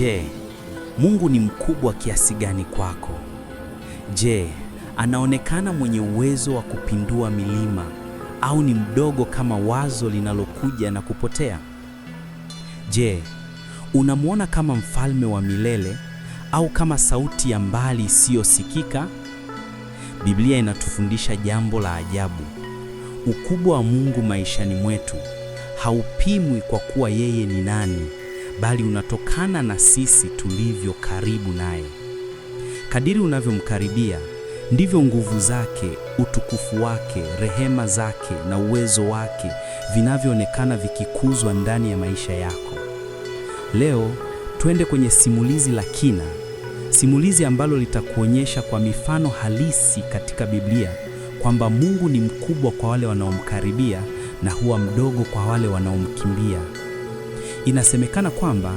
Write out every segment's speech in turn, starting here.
Je, Mungu ni mkubwa kiasi gani kwako? Je, anaonekana mwenye uwezo wa kupindua milima au ni mdogo kama wazo linalokuja na kupotea? Je, unamwona kama mfalme wa milele au kama sauti ya mbali isiyosikika? Biblia inatufundisha jambo la ajabu. Ukubwa wa Mungu maishani mwetu haupimwi kwa kuwa yeye ni nani bali unatokana na sisi tulivyo karibu naye. Kadiri unavyomkaribia ndivyo nguvu zake, utukufu wake, rehema zake na uwezo wake vinavyoonekana vikikuzwa ndani ya maisha yako. Leo twende kwenye simulizi la kina, simulizi ambalo litakuonyesha kwa mifano halisi katika Biblia kwamba Mungu ni mkubwa kwa wale wanaomkaribia na huwa mdogo kwa wale wanaomkimbia. Inasemekana kwamba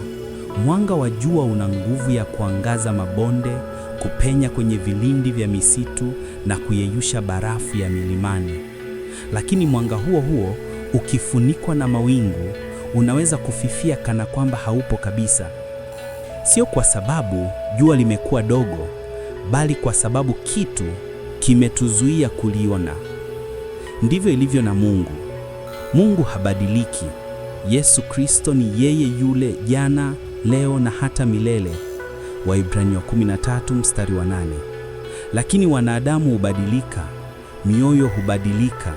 mwanga wa jua una nguvu ya kuangaza mabonde, kupenya kwenye vilindi vya misitu na kuyeyusha barafu ya milimani. Lakini mwanga huo huo ukifunikwa na mawingu, unaweza kufifia kana kwamba haupo kabisa. Sio kwa sababu jua limekuwa dogo, bali kwa sababu kitu kimetuzuia kuliona. Ndivyo ilivyo na Mungu. Mungu habadiliki. Yesu Kristo ni yeye yule jana, leo na hata milele, Waibrania 13 mstari wa nane. Lakini wanadamu hubadilika, mioyo hubadilika,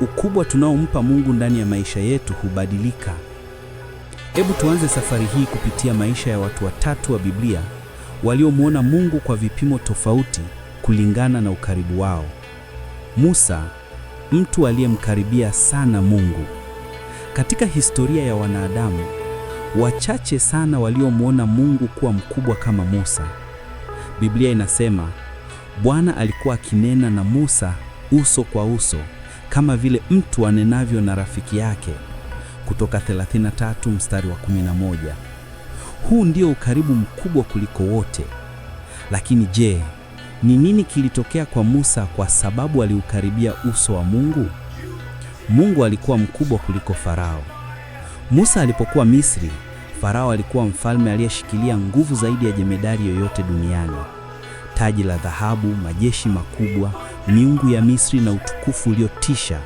ukubwa tunaompa Mungu ndani ya maisha yetu hubadilika. Hebu tuanze safari hii kupitia maisha ya watu watatu wa Biblia waliomwona Mungu kwa vipimo tofauti kulingana na ukaribu wao. Musa, mtu aliyemkaribia sana Mungu. Katika historia ya wanadamu, wachache sana waliomwona Mungu kuwa mkubwa kama Musa. Biblia inasema Bwana alikuwa akinena na Musa uso kwa uso kama vile mtu anenavyo na rafiki yake, Kutoka 33 mstari wa 11. Huu ndio ukaribu mkubwa kuliko wote. Lakini je, ni nini kilitokea kwa Musa kwa sababu aliukaribia uso wa Mungu? Mungu alikuwa mkubwa kuliko Farao. Musa alipokuwa Misri, Farao alikuwa mfalme aliyeshikilia nguvu zaidi ya jemedari yoyote duniani. Taji la dhahabu, majeshi makubwa, miungu ya Misri na utukufu uliotisha.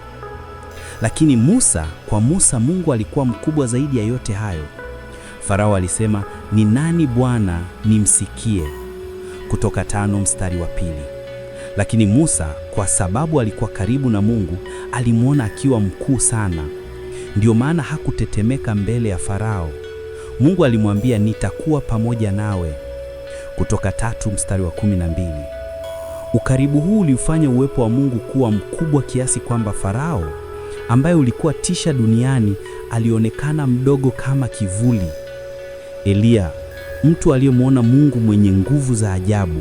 Lakini Musa, kwa Musa Mungu alikuwa mkubwa zaidi ya yote hayo. Farao alisema, "Ni nani Bwana nimsikie?" Kutoka tano mstari wa pili. Lakini Musa kwa sababu alikuwa karibu na Mungu, alimwona akiwa mkuu sana. ndio maana hakutetemeka mbele ya Farao. Mungu alimwambia, nitakuwa pamoja nawe. Kutoka tatu mstari wa kumi na mbili. Ukaribu huu uliufanya uwepo wa Mungu kuwa mkubwa kiasi kwamba Farao ambaye ulikuwa tisha duniani alionekana mdogo kama kivuli. Eliya, mtu aliyemwona Mungu mwenye nguvu za ajabu.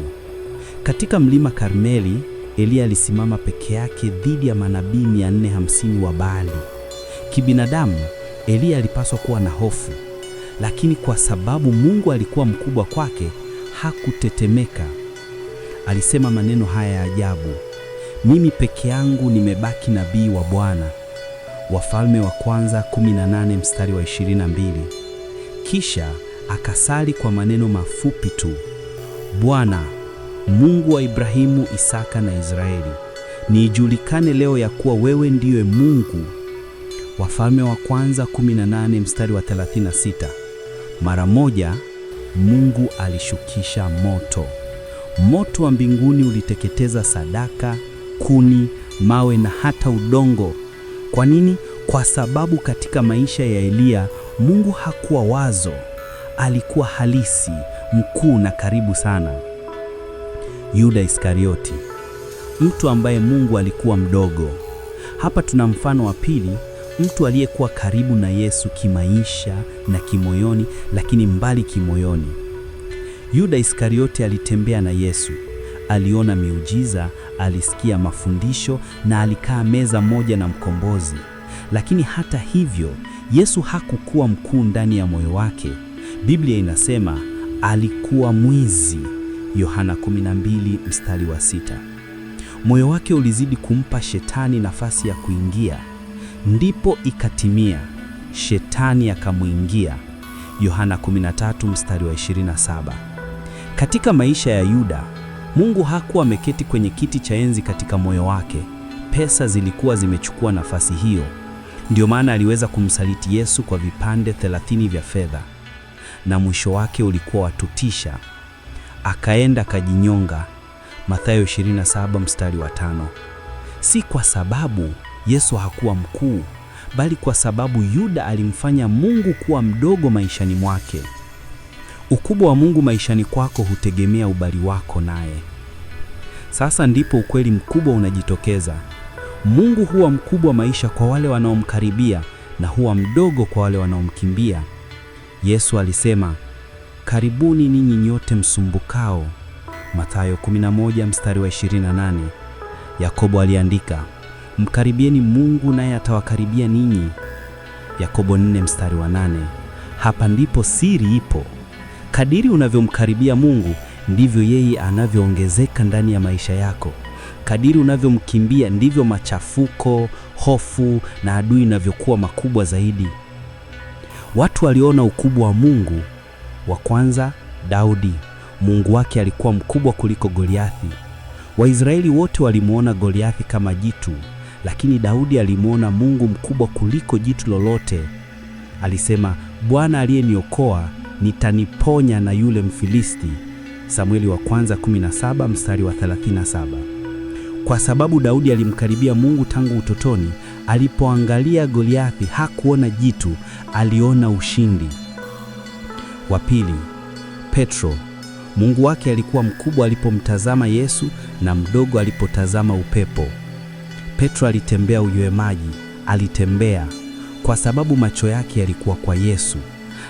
Katika mlima Karmeli, Eliya alisimama peke yake dhidi ya manabii 450 wa Baali. Kibinadamu, Eliya alipaswa kuwa na hofu, lakini kwa sababu Mungu alikuwa mkubwa kwake, hakutetemeka. Alisema maneno haya ya ajabu: mimi peke yangu nimebaki nabii wa Bwana. Wafalme wa Kwanza 18 mstari wa 22. Kisha akasali kwa maneno mafupi tu, Bwana Mungu wa Ibrahimu, Isaka na Israeli, niijulikane leo ya kuwa wewe ndiwe Mungu. Wafalme wa Kwanza 18 mstari wa 36. Mara moja Mungu alishukisha moto. Moto wa mbinguni uliteketeza sadaka, kuni, mawe na hata udongo. Kwa nini? Kwa sababu katika maisha ya Eliya Mungu hakuwa wazo, alikuwa halisi, mkuu na karibu sana. Yuda Iskarioti, mtu ambaye Mungu alikuwa mdogo. Hapa tuna mfano wa pili, mtu aliyekuwa karibu na Yesu kimaisha na kimoyoni, lakini mbali kimoyoni. Yuda Iskarioti alitembea na Yesu, aliona miujiza, alisikia mafundisho na alikaa meza moja na mkombozi. Lakini hata hivyo, Yesu hakukuwa mkuu ndani ya moyo wake. Biblia inasema alikuwa mwizi. Yohana 12 mstari wa sita. Moyo wake ulizidi kumpa shetani nafasi ya kuingia, ndipo ikatimia, shetani akamwingia. Yohana 13 mstari wa 27. Katika maisha ya Yuda, Mungu hakuwa ameketi kwenye kiti cha enzi katika moyo wake. Pesa zilikuwa zimechukua nafasi hiyo. Ndiyo maana aliweza kumsaliti Yesu kwa vipande 30 vya fedha, na mwisho wake ulikuwa watutisha akaenda akajinyonga, Mathayo 27 mstari wa tano. Si kwa sababu Yesu hakuwa mkuu, bali kwa sababu Yuda alimfanya Mungu kuwa mdogo maishani mwake. Ukubwa wa Mungu maishani kwako hutegemea ubali wako naye. Sasa ndipo ukweli mkubwa unajitokeza. Mungu huwa mkubwa maisha kwa wale wanaomkaribia na huwa mdogo kwa wale wanaomkimbia. Yesu alisema karibuni ninyi nyote msumbukao, Mathayo 11 mstari wa 28. Yakobo aliandika, mkaribieni Mungu naye atawakaribia ninyi, Yakobo 4 mstari wa 8. Hapa ndipo siri ipo. Kadiri unavyomkaribia Mungu ndivyo yeye anavyoongezeka ndani ya maisha yako. Kadiri unavyomkimbia ndivyo machafuko, hofu na adui inavyokuwa makubwa zaidi. Watu waliona ukubwa wa Mungu wa kwanza Daudi, Mungu wake alikuwa mkubwa kuliko Goliathi. Waisraeli wote walimwona Goliathi kama jitu, lakini Daudi alimwona Mungu mkubwa kuliko jitu lolote. Alisema, Bwana aliyeniokoa nitaniponya na yule Mfilisti. Samueli wa kwanza 17 mstari wa 37. Kwa sababu Daudi alimkaribia Mungu tangu utotoni, alipoangalia Goliathi hakuona jitu, aliona ushindi. Wa pili, Petro. Mungu wake alikuwa mkubwa alipomtazama Yesu na mdogo alipotazama upepo. Petro alitembea uywe maji, alitembea kwa sababu macho yake yalikuwa kwa Yesu.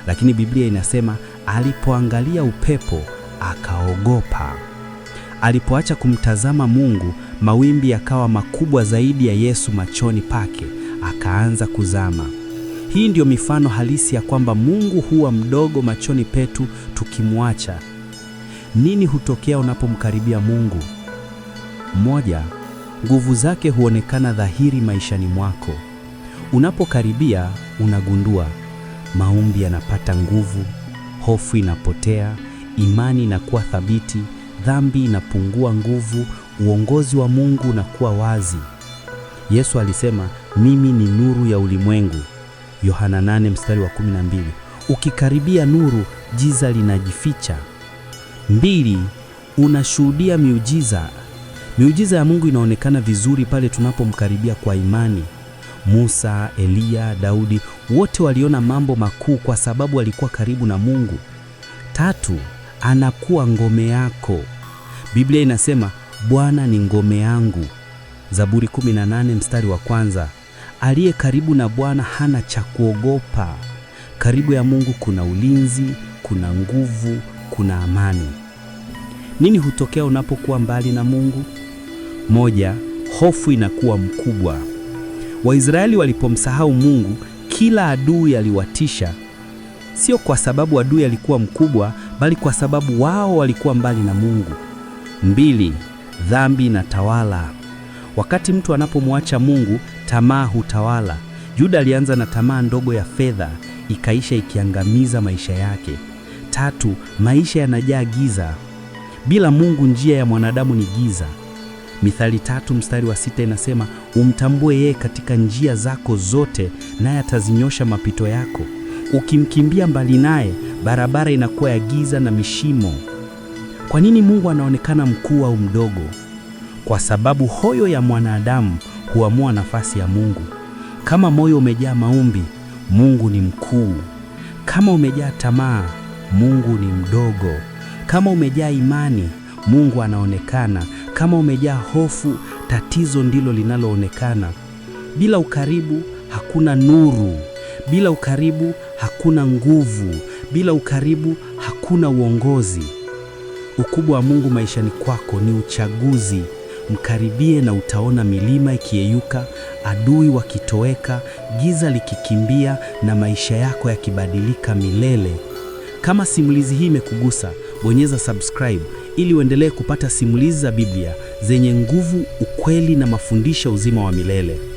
Lakini Biblia inasema alipoangalia upepo akaogopa. Alipoacha kumtazama Mungu, mawimbi yakawa makubwa zaidi ya Yesu machoni pake, akaanza kuzama. Hii ndiyo mifano halisi ya kwamba Mungu huwa mdogo machoni petu tukimwacha. Nini hutokea unapomkaribia Mungu? Moja, nguvu zake huonekana dhahiri maishani mwako. Unapokaribia unagundua maombi yanapata nguvu, hofu inapotea, imani inakuwa thabiti, dhambi inapungua nguvu, uongozi wa Mungu unakuwa wazi. Yesu alisema, mimi ni nuru ya ulimwengu. Yohana 8 mstari wa 12. Ukikaribia nuru, giza linajificha. Mbili, unashuhudia miujiza. Miujiza ya Mungu inaonekana vizuri pale tunapomkaribia kwa imani. Musa, Eliya, Daudi wote waliona mambo makuu kwa sababu walikuwa karibu na Mungu. Tatu, anakuwa ngome yako. Biblia inasema Bwana ni ngome yangu, Zaburi 18 mstari wa kwanza. Aliye karibu na Bwana hana cha kuogopa. Karibu ya Mungu kuna ulinzi, kuna nguvu, kuna amani. Nini hutokea unapokuwa mbali na Mungu? Moja, hofu inakuwa mkubwa. Waisraeli walipomsahau Mungu, kila adui aliwatisha, sio kwa sababu adui alikuwa mkubwa, bali kwa sababu wao walikuwa mbali na Mungu. Mbili, dhambi na tawala. Wakati mtu anapomwacha Mungu, Tamaa hutawala. Yuda alianza na tamaa ndogo ya fedha, ikaisha ikiangamiza maisha yake. Tatu, maisha yanajaa giza. Bila Mungu njia ya mwanadamu ni giza. Mithali tatu mstari wa sita inasema, umtambue yeye katika njia zako zote, naye atazinyosha mapito yako. Ukimkimbia mbali naye, barabara inakuwa ya giza na mishimo. Kwa nini Mungu anaonekana mkuu au mdogo? Kwa sababu hoyo ya mwanadamu huamua nafasi ya Mungu. Kama moyo umejaa maombi, Mungu ni mkuu. Kama umejaa tamaa, Mungu ni mdogo. Kama umejaa imani, Mungu anaonekana. Kama umejaa hofu, tatizo ndilo linaloonekana. Bila ukaribu hakuna nuru. Bila ukaribu hakuna nguvu. Bila ukaribu hakuna uongozi. Ukubwa wa Mungu maishani kwako ni uchaguzi. Mkaribie na utaona milima ikiyeyuka, adui wakitoweka, giza likikimbia, na maisha yako yakibadilika milele. Kama simulizi hii imekugusa, bonyeza subscribe ili uendelee kupata simulizi za Biblia zenye nguvu, ukweli na mafundisho uzima wa milele.